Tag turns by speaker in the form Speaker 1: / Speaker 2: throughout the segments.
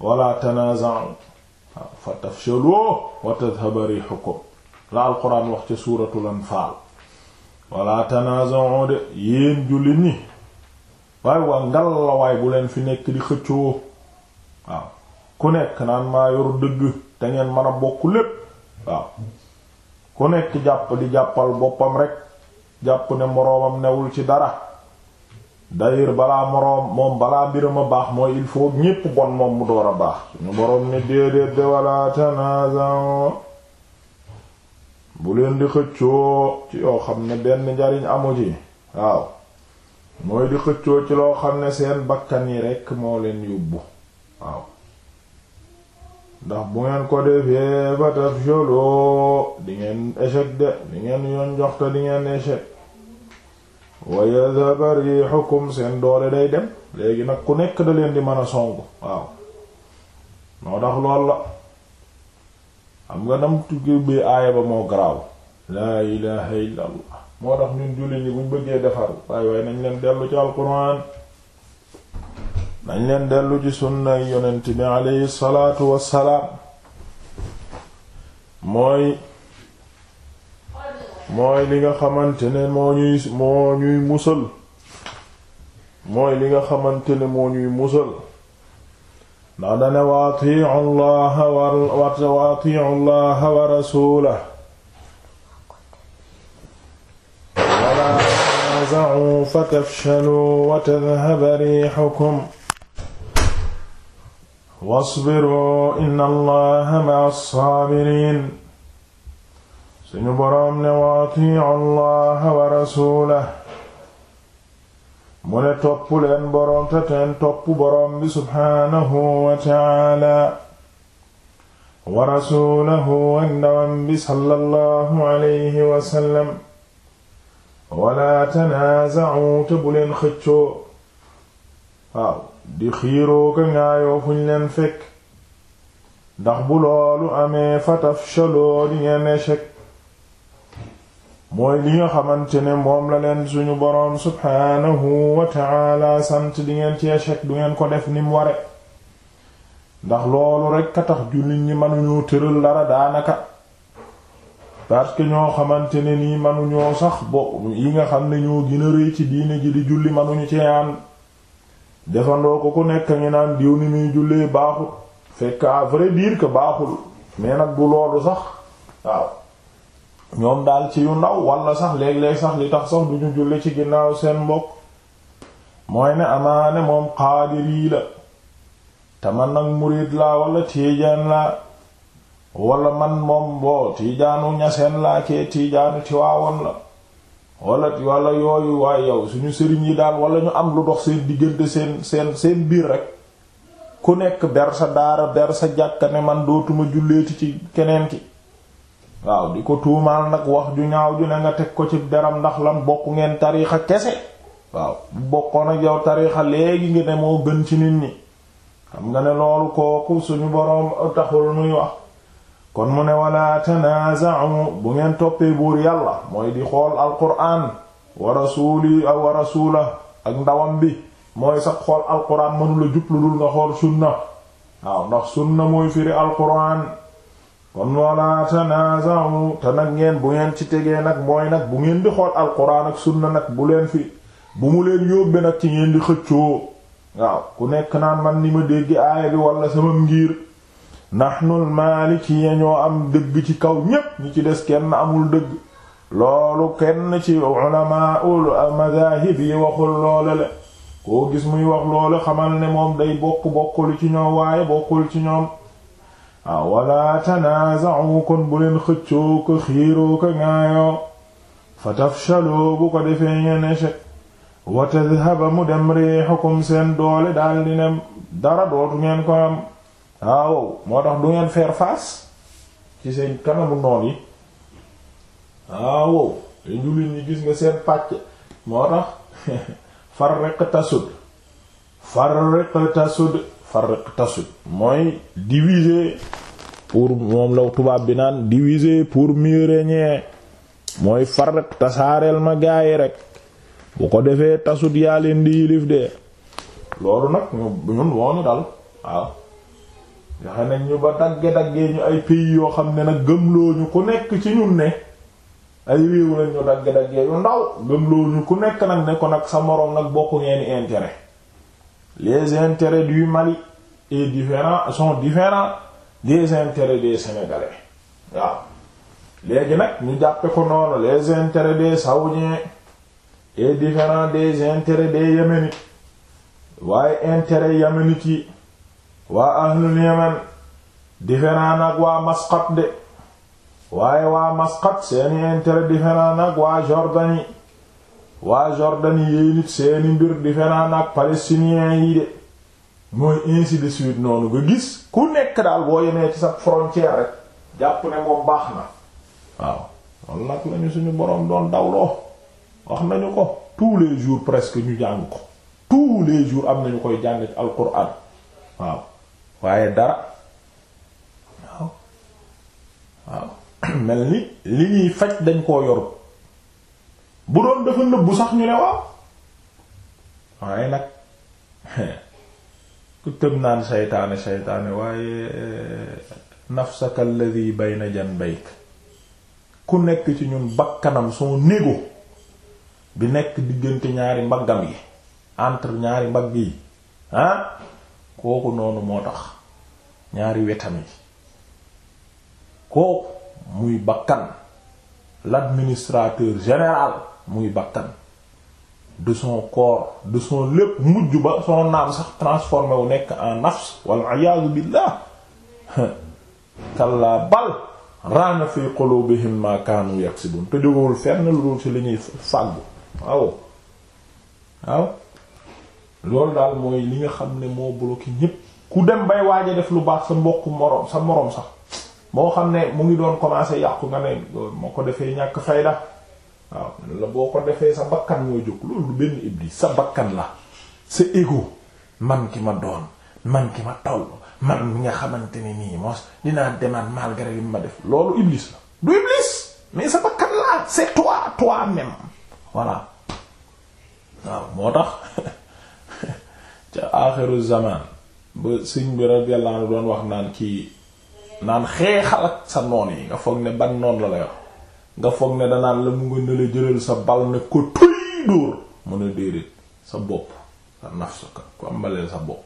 Speaker 1: wala tanaaza'u fa tafshalu wa tadhhaba rihukum la alquran wax ca suuratul anfaal wala tanaaza'u de yéen jullit ñi waaye waa ngal bu leen fi nekk di xëccoo waaw ku nekk naan maa yor dëgg te ngeen mën a bokk lépp waaw ku nekk jàpp di jàppal boppam rekk jàpp ne moroomam newul ci dara d'ailleurs balaa moroom moom balaa mbirama baax mooy il faut ñépp bon moom mu door a baax suñu boroom ni déedéet de wala tanaza'u bu leen di xëccoo ci yoo xam ne benn njariñ amu ci waaw mooy xëccoo ci loo xam ne seen bakkan yi rek moo leen yóbbu waaw ndax bu ngeen ko defee fataf jolo di ngeen échec de di ngeen yoon jox te di ngeen échec wa yadhaba rihukum seen doole day dem léegi nag ku nekk da leen di mën a songu waaw moo tax lool la xam nga nam tukki bi aaya ba moo garaaw laa ilaha illa moo tax ñun jullit ñi buñ bëggee defar waaye waaye nañ leen dellu ci alquran nañ leen dellu ci sunna yonent bi aleyhi salaatu wassalaam mooy mooy li nga xamante ne moo ñuy moo ñuy musal mooy li nga xamante ne moo ñuy musal ndax dane wa atiu llaha wa atiu llaha wa rasulahu wa la tanaza'u fatafshalu wa tadhhaba rihukum wasbiru inna allaha ma'as sabirin suñu boroom ne wa atiu allaha wa rasuulahu mu ne topp leen boroom te teen topp boroom bi subhaanahu wa taala wa rasuulahu ak ndawam bi sallallahu alayhi wasallam wala tanaaza'u te bu leen xëccoo di xiiroo ka ngaayoo fuñ leen fekk ndax bu loolu amee fatafshaloo di ngeen mooy li nga xamante ne moom la leen suñu boroom subhaanahu wa ta'ala sant di ngeen ci échec du ngeen ko def ni mu ware ndax loolu rekk a tax jullit ñi mënuñoo tëral dara daanaka parce que ñoo xamante ne nii mënuñoo sax bo yi nga xam ne ñoo gën rëy ci diine ji di julli mënuñu ci aan defandoo ko ku nekk ngi naan diw ni muy jullee baaxul fekk à vrai dire baaxul mais nag bu loolu sax waaw ñoom daal ci yu ndaw walla sax léeg-léeg sax li tax sax du ñu julli ci ginnaaw seen mbokk mooy ne amaane moom xaadir la te man nag murid laa wala tiijaan laa walla man moom boo tiijaanu ñaseen laa kee tiijaanu tiwaawoon la wala walla yooyu waay yow suñu sëriñ yi daal wala ñu am lu dox seen diggante seen seen seen biir rekk ku nekk ber sa daara ber sa jàkka ne man dootuma julleeti ci keneen ki waaw di ko tuumaal nag wax ju ñaaw ju ne nga teg ko ci deram ndax lan bokk ngeen tariixa kese waaw bu bokkoon ak yow tariixa léegi ngi ne moo gën ci nit ñi xam nga ne loolu kooku suñu boroom taxul muy wax kon mu ne wala tanaaza'u bu ngeen toppee buur yàlla mooy di xool alquran wa rasuli aw wa ak ndawam bi mooy sax xool alquran mënula jublu dul nga xool sunna waaw ndax sunna mooy firi alquran kon wala tanaza'u te nag ngeen bu ngeen ci tegee nag mooy nag bu ngeen di xool alquran ak sunna nag bu leen fi bu mu leen yóbbee nag ci ngeen di xëccoo waaw ku nekk naan man ni ma dégg aaya bi wala sama ngir naxnul maaliki ya ñoo am dëgg ci kaw ñépp ñu ci des kenn amul dëgg loolu kenn ci ulama ul madahib yi waxul loole le koo gis muy wax loole xamal ne moom day bokk bokkul ci ñoom waaye bokkul ci ñoom waaw wala tanaaza'u kon bu leen xëccoo ko xiiroo ko ŋaayoo fa tafshaloo bu ko defee ngeen échec wa tadhhaba mu dem riixukum seen doole daal di ne dara dootu ngeen ko am waaw moo tax du ngeen faire face ci seen kanamu noon yi waaw yu jullit ñi gis nga seen pàcc moo tax farriq tasud farriq tasud farriq tasud mooy diviser pour moom la tubaab bi naan diviser pour mieux régner mooy far rek tasaareel ma gaayi rek bu ko defee tasut yaa leen di yilif de loolu nag ñun woonu dal waaw yaxe nañ ñu ba dagge-daggee ñu ay pays yoo xam ne nag gëmloo ñu ku nekk ci ñun ne ay réew lañ ñu dagge-daggee yu ndaw gëmloo ñu ku nekk nag ne ko nag sa moroom nag bokku ngeen intérêt les intérêts du Mali et différents sont différents des intérêts des sénégalais waaw léegi nag ñu jàppe ko noonu les intérêts des saoudiens et différents des intérêts des yéménites waaye intérêts yéménites yi waa ahlul Yémen différent nag waa Masqat de waaye waa Masqat seeni intérêt différent nag waa Jordanie waa Jordanie yéen it seeni mbir différent nag palestiniens yi de mooy ainsi de suite noonu nga gis ku nekk daal boo yemee ci sa frontière rek jàpp ne moom baax na waaw loolu nag lañu suñu boroom doon dawloo wax nañu ko tous les jours presque ñu jàng ko tous les jours am nañu koy jàng al alquran waaw waaye dara waaw waaw mel ni li ñuy faj dañ koo yor bu doon dafa nëbbu sax ñu ne waaw waaye nag ku tëb naan seytaane seytaane waaye eh, nafsaka na jan janbayk ku nekk ci ñun bakkanam son négo bi nekk diggante ñaari mbaggam yi entre ñaari mbagg yi ah kooku noonu moo tax ñaari wetam yi kooku muy bakkan l'administrateur général muy bakkan de son corps de son lépp mujj ba son naam sax transformé wu nekk en nafs wal iyaadu billah kallaa bal raana fi qulubihim ma kaanu yaksibun te jógawul fenn lu dul ci li ñuy fàggu waaw loolu daal mooy li nga xam ne moo bloqué ñépp ku dem bay waaja def lu baax sa mbokk moroom sa moroom sax moo xam ne mu ngi doon commencé yàqu nga ne moo ko defee ñàkk fayda waaw man la boo ko defee sa bakkan moo jóg loolu du benn iblis sa bakkan la sa ego man ki ma doon man ki ma toll man mi nga xamante ne nii mos dinaa demaat malgré li ma def loolu iblis la du iblis mais sa bakkan la c'est toi toi-même voilà waaw moo tax ca aaxiru zaman ba sëñ bi radiyallahu anhu doon wax naan kii naan xeexal ak sa noon yi nga foog ne ban noon la lay wax nga foog ne danaan la mu nga ne la jëlal sa bal ne ko tuy dóor mun a déedéet sa bopp sa naf sa tàmbaleel sa bopp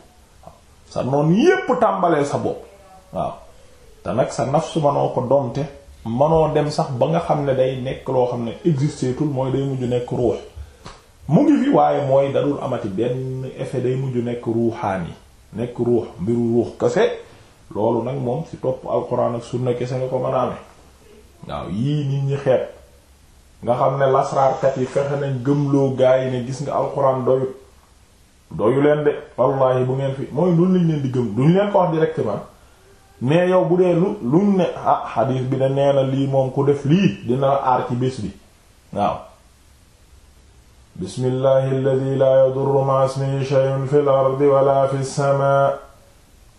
Speaker 1: sa noon yépp tàmbaleel sa bopp waaw te nag sa naf su manoo ko donte manoo dem sax ba nga xam ne day nekk loo xam ne existeetul mooy day mujj nekk ruux mu ngi fi waaye mooy dadul amati benn effet day mujj nekk ruuxaan yi nekk ruux mbiru ruux kase loolu nag moom ci topp alxuraan ak sunna kese nga ko mën a amee waaw yii nit ñi xeet nga xam ne lasraarkat yi fexe nañ gëmloo gaa yi ne gis nga alxuraan doyut doyu leen de wallaahi bu ngeen fi mooy loolu lañ leen di gëm duñ leen ko wax directement mais yow bu dee lu luñ ne ah xadiis bi da nee na lii moom ku def lii dina la aar ci bés bi waaw bismillahi alladi laa yadurru ma'a ismihi shay'un fil ardi wala fis samaa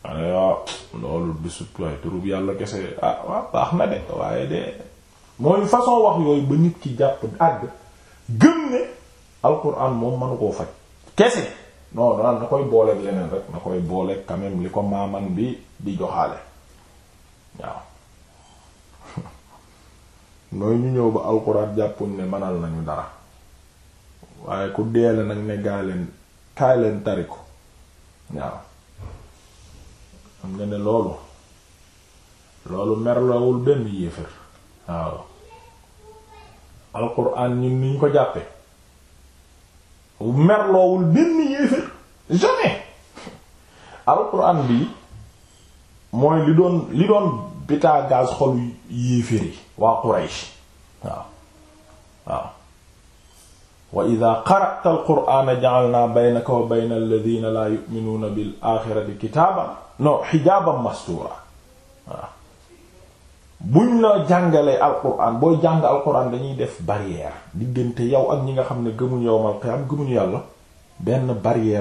Speaker 1: ane ah, loolu du sut waaye yàlla kese ah waaw baax na de waaye de mooy façon wax yooyu ba nit ki jàpp àgg gëm ne alxuraan moom mënu koo faj kese non daal na koy booleeg leneen rek na koy booleeg quand li ko maaman bi di joxaale waaw nooy ñu ñëw ba alxuraan jàppuñ ne mënal nañu dara waaye ku deele nag ne gaa leen kaay leen tari ko waaw xam nga ne loolu loolu merlawul benn yéefér waaw alquran ñun ni ñu ko jàppe merloowul benn yéefér jamais alquran bi mooy li doon li doon bitaa gaz xolu yéefér yi waa Quraysh waaw waaw wa ida qara'ta alqur'ana ja'alna baynaka wa bayna alladhina la yu'minuna bil akhirati kitaaban no xijaaban mastura waaw buñ la jàngalee dañuy def barrière diggante yow ak ñi nga xam ne gëmuñ yowmal qiyaam gëmuñu yàlla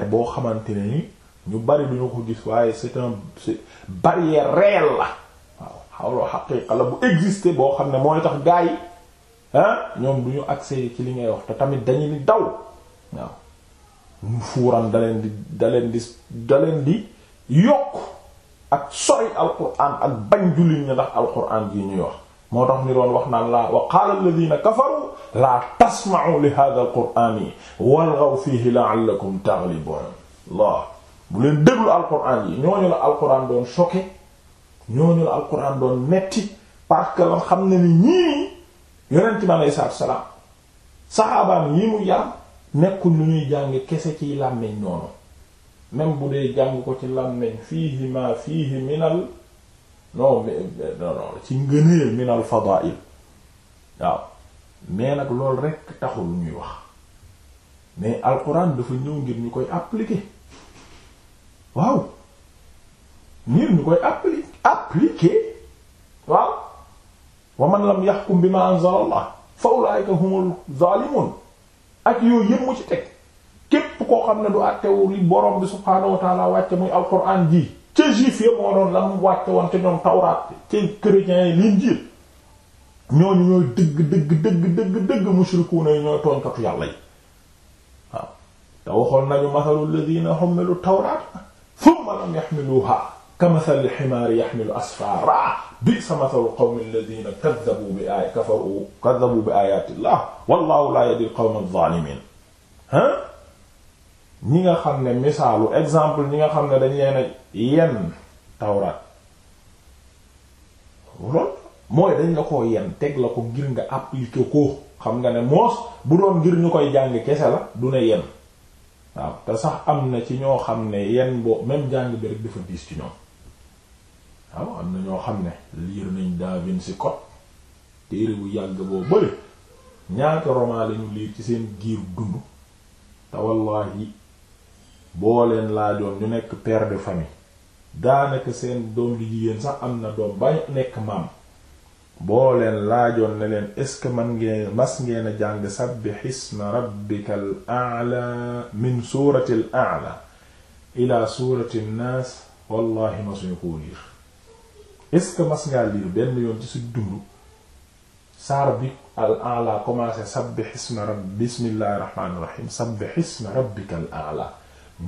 Speaker 1: boo xamante ne ni ñu bari duñu ko gis waaye c'est un c'est barrière la waaw xawloo xaqiiqa la bu exister boo xam ne mooy tax gaa yi Ah ñoom du ñu accès ci li ngay wax te tamit dañu ni daw waaw mu fuuran da di da di da di yokk ak sori alquran ak bañ jullit ñi ndax alquran gi ñuy wax moo tax ni doon wax naan laa wa qaala alladhina kafaru laa tasma'u li Allah bu leen déglu alquran yi ñooñu la alquran doon choqué ñooñu la alquran doon metti parce que xam ne ni ñii yonent bi aleyhi salaatu mu yar nekkul lu ñuy jàng kese ciy làmmiñ noonu même bu dee jàng ko ci làmmiñ fii ma fiihi minal non non ci ngëneel minal fadaa'il waaw mais nag lool rekk taxul ñuy wax mais alxuraan dafa ñëw ngir ñu koy appliquer waaw ngir ñu koy appliquer appliquer wa man lam yahkum bima anzalallah fa ulaika humul zalimun ak yooyu yëpp mu ci teg képp koo xam ne du àttewu li borom bi subhaanahu wa taala wàcce muy alquran ji ca juif ya moo doon lam wàcce woon ca ñoom tawraat ca chrétiens yi l'injil ñooñu ñooy dëgg dëgg dëgg dëgg dëgg mushrikuuna yi ñooy tooñkatu yàlla yi waaw te waxoon nañu masalul ladina humilu tawraat thumma lam yahmiluha kamathali ximaari yaxmilu asfaara bi'sa mathalu qawmi alladhina kaddabu bi aay kafaru kaddabu bi aayatillah wallaahu laa yahdi alqawma adh-dhaalimiin ah ñi nga xam ne misaalu exemple ñi nga xam ne dañ leen yenn dañ la ko yenn teg la ko ngir nga appliquer ko xam nga ne moos bu doon ngir ñu koy jàng kese la du ne yenn waaw te sax am na ci ñoo xam ne yenn boo même jàng bi dafa diis ci ñoom. waaw am na ñoo xam ne liir nañ Da si Code téere bu yàgg boo bëri ñaata roman lañu liir ci seen giir dund te wallahi boo leen laajoon ñu nekk père de famille daanaka seen doom di sax am na doom ba nekk maam boo leen laajoon ne leen est-ce que man ngeen mas ngeen a jàng sabbih isma rabbika al a'la min surati al a'la ila surati an-nas wallahi masuñu koo liir est-ce que mas ngaa lire benn yoon ci suñ dund saar bi al ala commencé sabbih isma rabb bismillahir rahmanir rahim sabbih isma rabbikal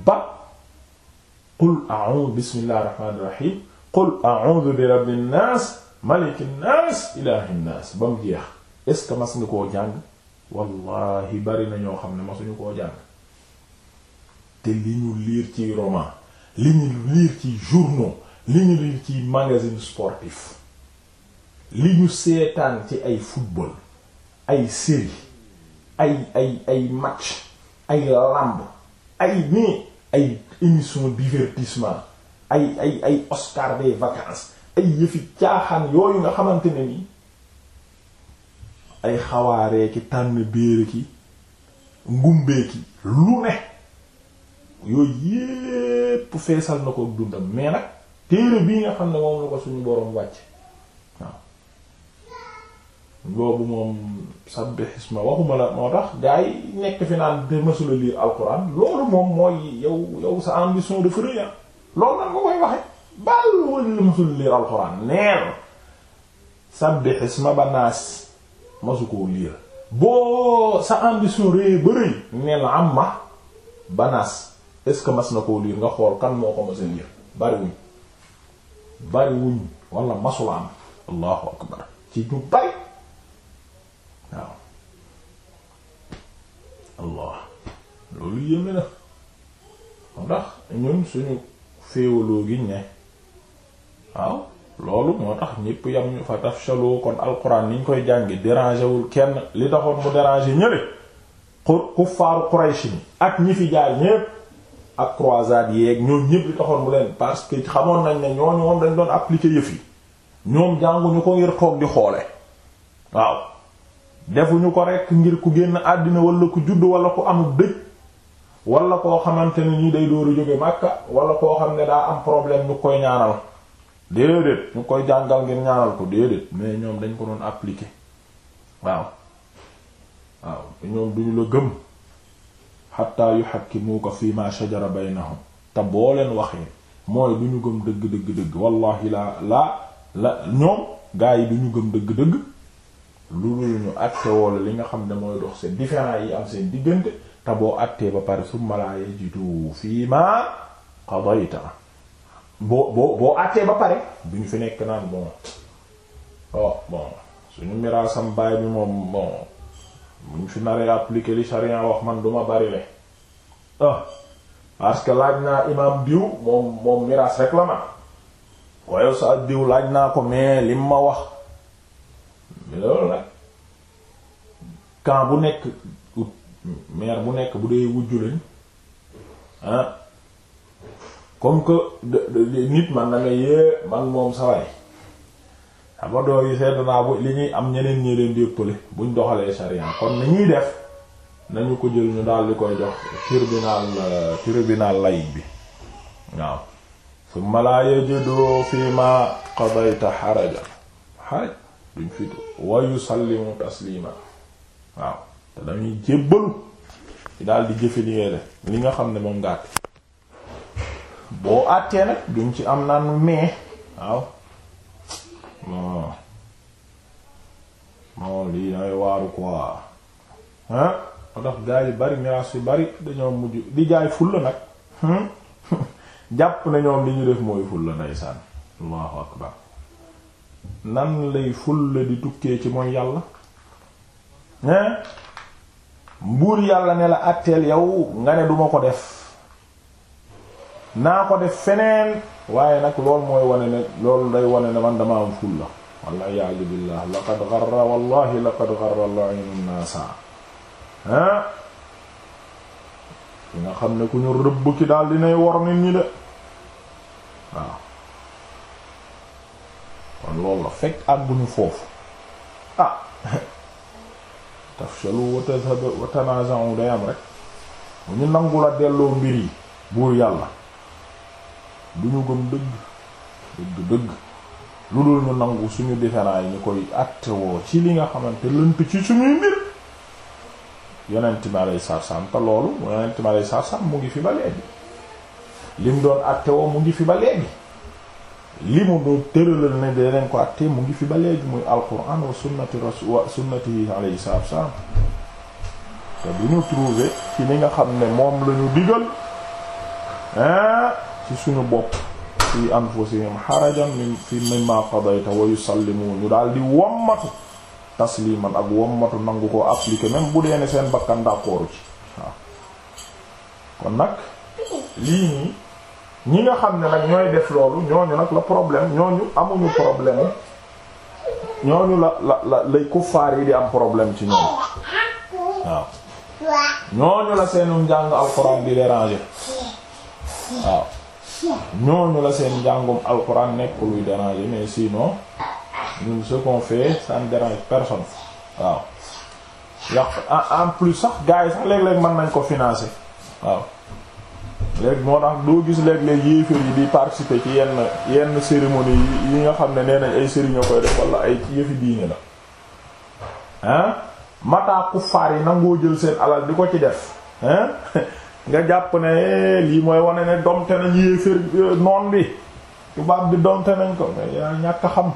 Speaker 1: ba qul a'udhu bismillahir rahmanir rahim qul a'udhu bi rabbin nas malikin nas ilahin nas ba mu jeex est-ce mas nga koo jàng wallahi bari na ñoo xam ne masuñu koo jàng te li ñu liir ci roman li ñu liir ci journaux li ñu lire ci magazine sportif li ñu seetaan ci ay football ay série ay ay ay match ay lamb ay nii ay émission divertissement ay ay Oscar des vacances ay yëfi caaxaan yooyu nga xamante ne ni ay xawaaree ki tànn béer ki ngumbee ki lu ne yooyu yépp feesal na ko dundam mais nag téere bii nga xam ne moom la ko suñu boroom wàcc waaw boobu moom sabbihisma waxuma la moo tax gaa yi nekk fi naan de mësula lire alxuraan loolu moom mooy yow yow sa ambition de free ah. loolu nag nga koy waxe baal wël la mësula lire alxuraan neen sabbihisma ba naas mësu koo lire boo sa ambition rëy ba rëy neel amma ba naas est-ce que mas na koo lire nga xool kan moo ko mësa lire bariwuñ bari wuñ wala masula am allahu akbar ci ñu bari waaw allah loolu yéeme na ndax ñun suñu féewaloo gi ne waaw loolu moo tax ñépp yam ñu fa tafshaloo kon alquran ni ñu koy jàngi déranger wul kenn li taxoon mu déranger ñële ku kuffaaru Quraysh ni ak ñi fi jaar ñépp ak croisade yeeg ñoom ñëpp li taxoon mu leen parce que xamoon nañ ne ñooñu moom dañ doon appliquer yëf yi ñoom jànguñu ko ngir toog di xoole waaw defuñu ko rek ngir ku génn àddina wala ku juddu wala ku am dëj wala koo xamante ne nii day dooru jóge Makka wala koo xam ne daa am problème ñu koy ñaanal déedéet ñu koy jàngal ngir ñaanal ko déedéet mais ñoom dañ ko doon appliquer waaw waaw ñoom duñu la gëm xatta yuhakkimuuka fii ma shajara baynahum te boo leen waxee mooy du ñu gëm dëgg-dëgg-dëgg wallahi laa laa la ñoom gaa yi du ñu gëm dëgg-dëgg loolu ñu àtte woola li nga xam ne mooy dox seen différends yi am seen diggante te boo àttee ba pare summa laa yajidu fii ma qadayta boo boo boo àttee ba pare du ñu fi nekk naan bon oh bon suñu miraasam baay bi moom bon muñ fi naree appliquer li sharia wax man duma bari ah, parce que laaj naa imam diw moom miraas rek man waaye sa diw laaj naa ko mais lim ma wax loolu nag camp bu nekk maire bu nekk bu dee wujju lañ ah comme que nit man na nga man moom saway xam nga yi seet naa bu li ñuy am ñeneen ñi leen di ëppale buñ doxalee sharia kon ni ñuy def nañu ko jël ñu daal di koy jox tribunal euh, tribunal laïc bi waaw summa laa yajidu fii ma qadayta xaraja xaraj duñ fi wa yusallimu taslima waaw te dañuy jébbalu daal di jëfe li ngay li nga xam ne moom nga àtte boo àttee nag duñ ci am naan mais waaw non lii dangay waaru quoi hein ndax gaa yi bari miraas yu bari dañoo mujj di jaay fulla nag hmm? jàpp na ñoom li ñu def mooy fulla ndeysaan allahu akbar nan lay fulla di tukkee ci mooy yàlla hein mbuur yàlla ne la àtteel yow nga ne duma ko def naa ko def feneen waaye nag loolu mooy wane ne loolu day wane ne man dama am fulla walla yaazu billah laqad gharra wallahi laqad gharra la'inun nasa ah ki nga xam ne ku ñu rëbb ki daal dinay wor nit ñi de waaw kon loolu la fekk àgguñu foofu ah tafshalu wa tadhhabu wa tanaza'u day am rek bu ñu nangu la delloo mbir yi buur yàlla du ñu gëm dëgg dëgg lu dul ñu nangu suñu différends yi ñu koy àtte ci li nga xamante lënt ci suñuy mbir yonent mi alayhi salaam te loolu yonent mu ngi fi ba léegi li mu mu ngi fi ba léegi li mu doon tëralal ne danañ ko àtte mu ngi fi ba léegi muy alquran wa sunnati rasul wa sunnati alayhi salaam te du ñu trouver ci li nga xam ne moom lañu ñu digal. ci suñu bopp fi anfusihim harajan min fi mimma qadayta wa ñu daal di wommatu tasliman ak wommatu nangu ko appliquer même bu dee ne seen bakkan ci waaw kon nag lii nii ñi nga xam ne nag ñooy def loolu ñooñu nag la problème ñooñu amuñu problème ñooñu la la la lay kuffaar yi di am problème ci ñoom waaw ñooñu la seenum njàng alxuraan di déranger waaw ñooñu la seen njàngum alxuraan nekk luy déranger mais sinon ñun ce qu'on fait ça ne dérange personne waaw yàq en plus sax gars yi sax léeg-léeg mën nañ ko financer waaw léegi moo tax doo gis léeg-léeg yéeféer yi di participer ci yenn yenn cérémonie yi nga xam ne nee nañ ay sëriñ koy def wala ay yëfi diine la hein mataa kuffaar yi nangoo jël seen alal di ko ci def hein nga jàpp ne eh, lii mooy wane ne domte nañ yéefér euh, noon bi tubaab bi domte nañ ko yaa ñàkk xam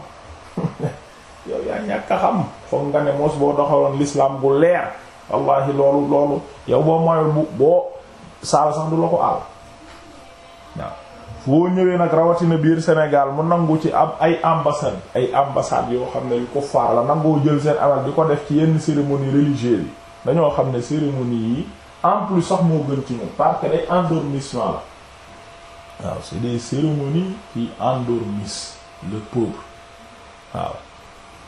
Speaker 1: yow yaa ñàkk xam foog nga ne mos boo doxaloon l'islam bu leer wallahi loolu loolu yow boo moyoon bu boo saal sax du la ko àll waaw foo ñëwee nag rawatina biir Sénégal mu nangu ci ab ay ambassade ay ambassade yoo xam ne yu ko faar la nangoo jël seen alal di ko def ci yenn cérémonie religieuse yi dañoo xam ne cérémonie yi en plus sax moo gën ci ñoom parce que day endormissement la waaw c'est des cérémonies qui endormissent le peuple waaw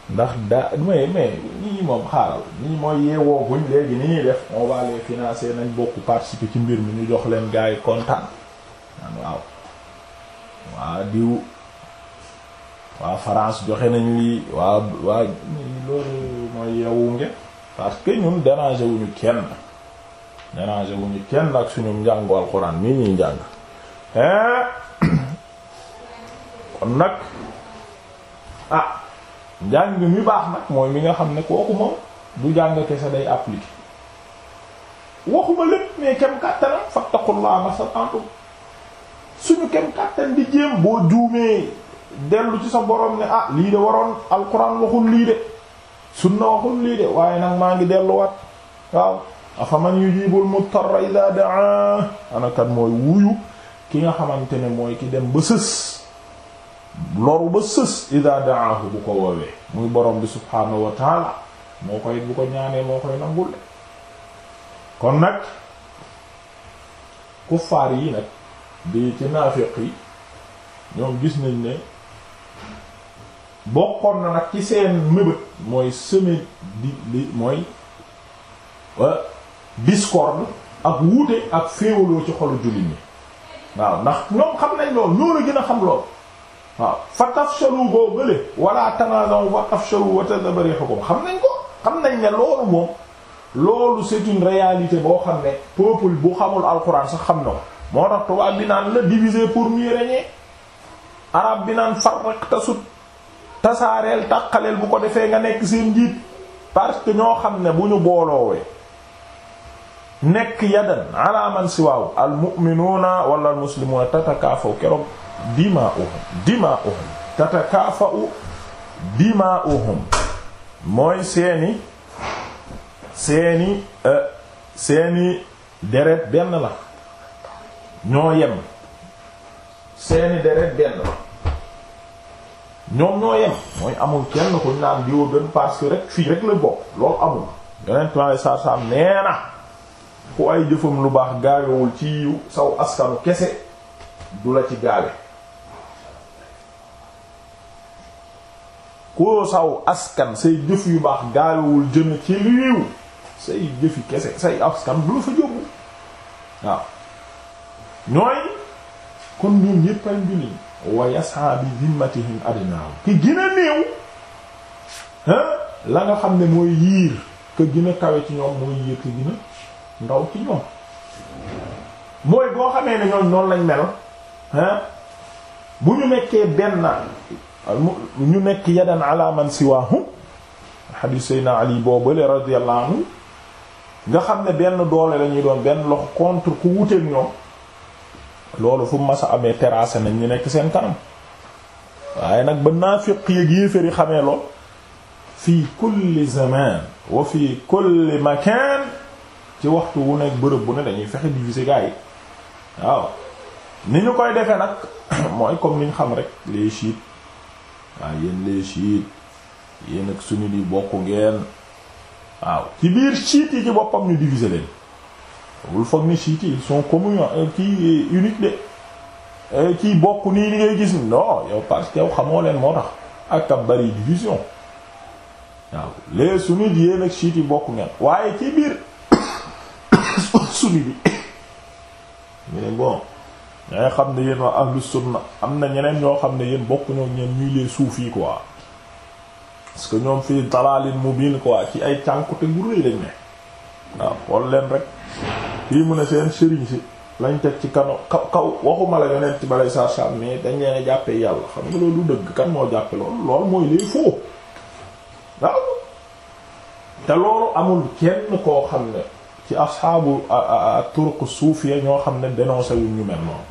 Speaker 1: ndax daa mais mais nit ñi moom xaaral nit mooy yeewoo guñ léegi ni ñuy def on va les financer nañ bokk participer ci mbir mi ñu jox leen gars yi kontaan waaw waa diw waa France joxe nañ lii waa waa loolu mooy yeewu nge parce que ñun déranger wuñu kenn. ménagé wu ñu kenn ak suñu njàngu alxuraan mii ñuy njàng eh? kon nag ah njàng mi baax nag mooy mi nga xam ne kooku moom du jàng kese day appliqué waxuma lépp mais kem kàttanam fattaqullaha masata'tum suñu kem kàttan di jéem boo juumee dellu ci sa borom ne ah lii de waroon alxuraan waxul lii de sunna waxul lii de waaye nag maa ngi delluwaat waaw afaman yujibul muttarra idha daa anakat mooy wuyu ki nga xamante ne mooy ki dem ba sës loru ba sës idha daahu bu ko woowee muy borom bi subhaanahu wa taala moo koy bu ko ñaanee moo koy nangul kon nag kuffaar yi nag di ci naafiq yi ñoom gis nañ ne bokkoon na nag ci seen mëbët mooy seme di mooy euh, discorde ak wuute ak féewaloo ci xolu jullit ñi waaw ndax ñoom xam nañ lool ñoo la gën a xam lool waaw fa tafshalu boo bële wala tanaza'u wa tafshalu wa tadhhabu rihukum xam nañ ko xam nañ ne loolu moom loolu c'est une réalité boo xam ne peuple bu xamul alxuraan sax xam na ko moo tax tubaab bi naan la diviser pour mieux régner arab bi naan farraq tasut tasaareel tàqaleel bu ko defee nga nekk seen njiit parce que ñoo xam ne bu ñu booloowee nekk yadan ala man siwaaw al mu'minuuna wala al muslimuuna tatakaafaw keroog dimaa'uhum dimaa'uhum tatakaafa'u dimaa'uhum mooy seeni seeni euh, seeni deret benn la ñoo yem seeni deret benn la ñoom ñoo yem mooy amul kenn ku ñu naan diwa gën parce que rek fii rek la bokk loolu amul yeneen plan de nee na. ku ay jëfam lu baax gaawewul ci yiw saw askanu kese du la ci gaawe koo saw askan say jëf yu baax gaawewul jëm ci liiw say jëfi kese say askan du la fa jóbbu waaw ñooy kon ñun yépp ay njuniñ wa yasa bi zimmatihim adnaaw ki gën a néew hein la nga xam ne mooy yiir ka gën kawe ci ñoom mooy yiir ki gën ndaw ci ñoom mooy boo xamee ne ñoom noonu lañ mel bu ñu nekkee benn ñu nekk yadan ala man siwahum hadith sayna ali boobale radiyallahu nga xam ne benn doole lañuy doon benn loxo contre ku wuteeg ñoom loolu fu masa amee terrassé nañ ñu nekk seen kanam waaye nag ba naafiq yëg yéeféri xamee lool fi kulli zaman wa fi kulli makan ci waxtu wu nekk bërëb bu ne dañuy fexe diviser gars yi waaw ni ñu koy defee nag mooy comme ni ñu xam rek les chiites waaw yéen les chiites yéen ak sunni yi bokk ngeen waaw ci biir chiites yi ci boppam ñu diviser leen wul foog ni chiites yi ils sont communs euh, kii euh, unique de euh, kii bokk nii li ngay gis non yow parce que yow xamoo leen moo tax ak ab bari division waaw les sunnites yéen ak chiites yi bokk ngeen waaye ci biir. sunni bi ñu ne bon ña xam ne yéen waa ahlu sunna am na ñeneen ñoo xam ne yéen bokk ñoo ñeen ñuy les soufi quoi parce que ñoom fii dalalin mubin quoi ci ay cànkute gu rëy lañ rek fii mu ne seen sëriñ si lañ ci kano kaw kaw waxuma la yonent balay saa mais dañ leen jàppee yàlla xam dëgg kan moo jàppe loolu loolu mooy les waaw te loolu amul kenn koo xam ne ci asxaabu turuq suufiya ñoo xam ne dénoncé wu ñu mel noonu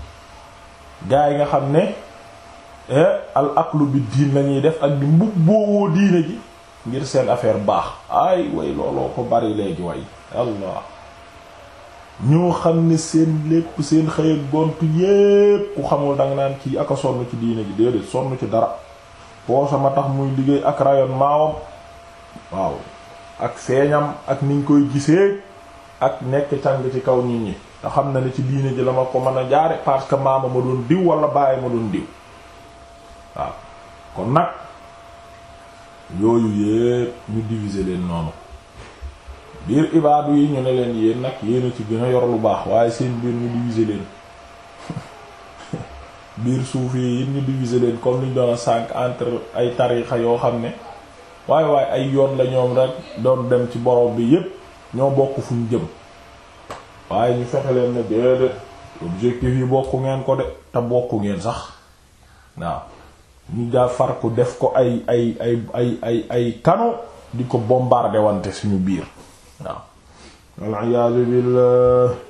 Speaker 1: gaa yi nga xam ne eh, al aqlu bi diin lañuy def ak di mbub boowoo diine ji ngir seen affaire baax ay way looloo ko bari léegi way allah ñoo xam ne seen lépp seen xëy ak yépp ku xamul danga naan kii ak sonn ci diine ji déedéet sonn ci dara sama tax muy liggéey ak rayon maawam waaw ak feeñam ak niñ koy gisee ak nekk càng ci kaw nit ñi te xam na ne ci diine ji la ma ko mën a jaare parce que maama ma doon diw wala bàyyi ma doon diw waaw kon nag yooyu yépp ñu diviser leen noonu biir ibaadu yi ñu ne leen yéen nag yéen ci gën a yor lu baax waaye seen biir ñu diviser leen biir suufi yi ñu diviser leen comme liñ doon a entre ay tarixa yoo xam ne waaye waaye ay yoon la ñoom rek doon dem ci borom bi yépp ñoo bokk fu ñu jëm waaye ñu fexe leen ne déedéet objectif yi bokku ngeen ko de te bokku ngeen sax waaw ñu daa far ko def ko ay ay ay ay ay ay kano di ko bombarder wante suñu biir waaw wal iyaazu billah